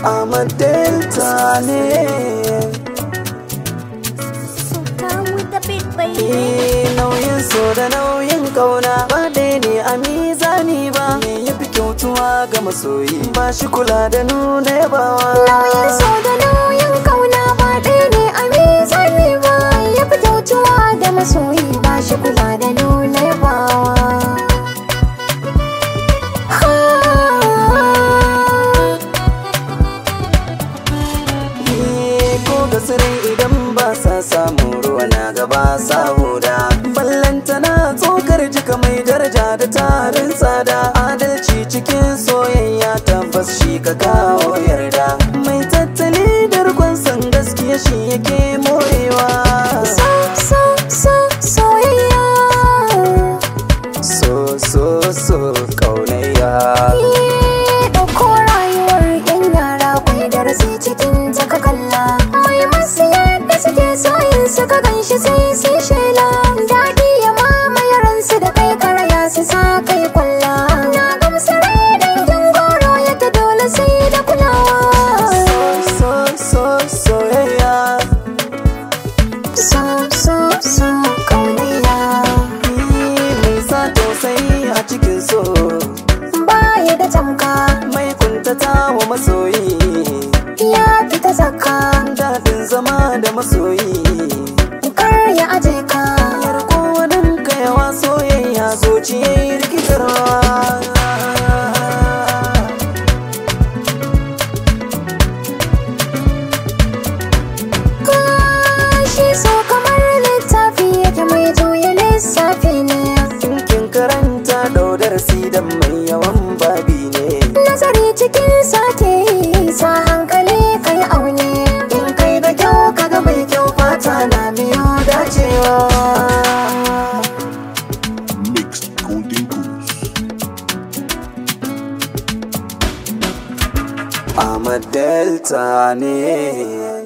a delta ne nauyin so da nauyin kauna ba dai ne a mizani ba me ya fi kyautuwa ga masoyi ba shi kula da nuna yabawa nauyin so da nauyin kauna ba dai ne a mizani ba me ya fi kyautuwa ga masoyi gasirin idan ba sa samu ruwa na gaba sa huda tana tsokar jika mai daraja da tarin tsada adalci cikin soyayya tabbas shi ka kawo yarda mai tattali da rikon san gaskiya shi yake morewa so so soyayya so so so kaunayya ka ganshi sai sai shela daɗi ya mamaye ransu da kai karaya su sa kai kwalla na gamsa rai dangin goro ta dole sai da kulawa so so so soyayya so so so kaunayya mai sa tausayi a cikin so baya da tamka mai kuntata wa masoyi ya fita zakka daɗin zama da masoyi lokaci ya yi Kashi so kamar littafi yake mai juya lissafi ne Kinkin karanta daudar sidan mai yawan babi ne Nazari cikin sake sa hankali I'm a Delta, nee.